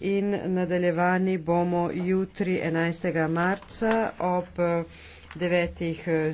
in nadaljevani bomo jutri 11. marca ob 9. Eh,